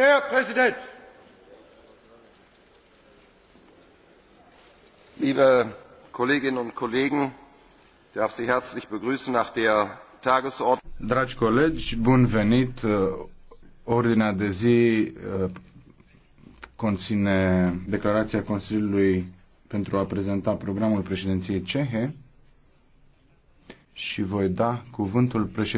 Herr Präsident! Liebe Kolleginnen und Kollegen, ich darf Sie herzlich begrüßen nach der Tagesordnung. Dragi colegi, bun venit. Ordinea de zi eh, conține declarația Consiliului pentru a prezenta programul președinției cehe și voi da cuvântul președintelui.